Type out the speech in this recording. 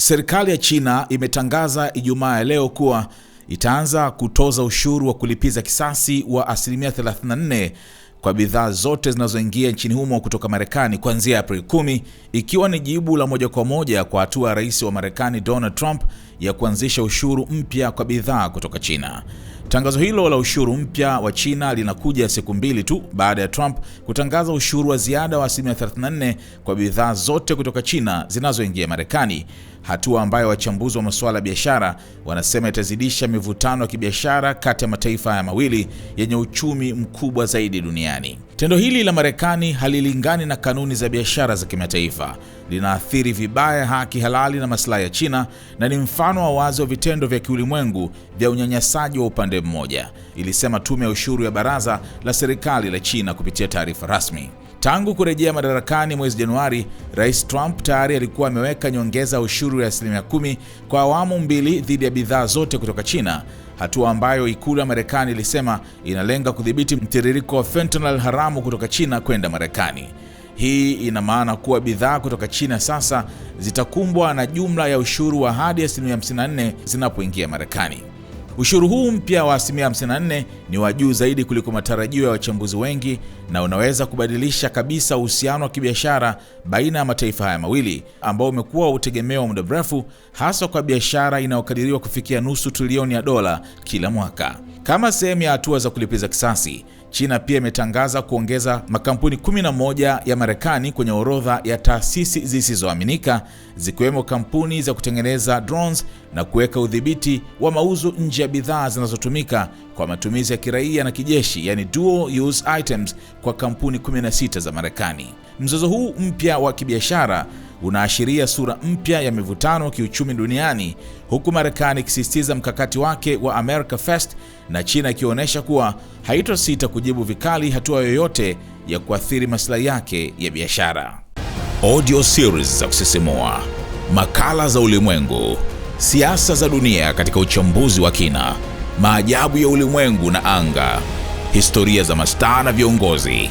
Serikali ya China imetangaza Ijumaa ya leo kuwa itaanza kutoza ushuru wa kulipiza kisasi wa asilimia 34 kwa bidhaa zote zinazoingia nchini humo kutoka Marekani kuanzia Aprili 10, ikiwa ni jibu la moja kwa moja kwa hatua ya rais wa Marekani Donald Trump ya kuanzisha ushuru mpya kwa bidhaa kutoka China. Tangazo hilo la ushuru mpya wa China linakuja siku mbili tu baada ya Trump kutangaza ushuru wa ziada wa asilimia 34 kwa bidhaa zote kutoka China zinazoingia Marekani hatua ambayo wachambuzi wa masuala ya biashara wanasema itazidisha mivutano ya kibiashara kati ya mataifa haya mawili yenye uchumi mkubwa zaidi duniani. Tendo hili la Marekani halilingani na kanuni za biashara za kimataifa, linaathiri vibaya haki halali na masilahi ya China na ni mfano wa wazi wa vitendo vya kiulimwengu vya unyanyasaji wa upande mmoja, ilisema tume ya ushuru ya baraza la serikali la China kupitia taarifa rasmi. Tangu kurejea madarakani mwezi Januari, Rais Trump tayari alikuwa ameweka nyongeza ya ushuru ya asilimia kumi kwa awamu mbili dhidi ya bidhaa zote kutoka China, hatua ambayo ikulu ya Marekani ilisema inalenga kudhibiti mtiririko wa fentanyl haramu kutoka China kwenda Marekani. Hii ina maana kuwa bidhaa kutoka China sasa zitakumbwa na jumla ya ushuru wa hadi asilimia 54 zinapoingia Marekani. Ushuru huu mpya wa asilimia 54 ni wa juu zaidi kuliko matarajio ya wachambuzi wengi na unaweza kubadilisha kabisa uhusiano wa kibiashara baina ya mataifa haya mawili ambao umekuwa utegemeo wa muda mrefu, hasa kwa biashara inayokadiriwa kufikia nusu trilioni ya dola kila mwaka. Kama sehemu ya hatua za kulipiza kisasi, China pia imetangaza kuongeza makampuni 11 ya Marekani kwenye orodha ya taasisi zisizoaminika, zikiwemo kampuni za kutengeneza drones na kuweka udhibiti wa mauzo nje ya bidhaa zinazotumika kwa matumizi ya kiraia na kijeshi, yani dual use items, kwa kampuni 16 za Marekani. Mzozo huu mpya wa kibiashara unaashiria sura mpya ya mivutano kiuchumi duniani huku Marekani ikisisitiza mkakati wake wa America First na China ikionyesha kuwa haitosita kujibu vikali hatua yoyote ya kuathiri maslahi yake ya biashara. Audio series za kusisimua, makala za ulimwengu, siasa za dunia katika uchambuzi wa kina, maajabu ya ulimwengu na anga, historia za mastaa na viongozi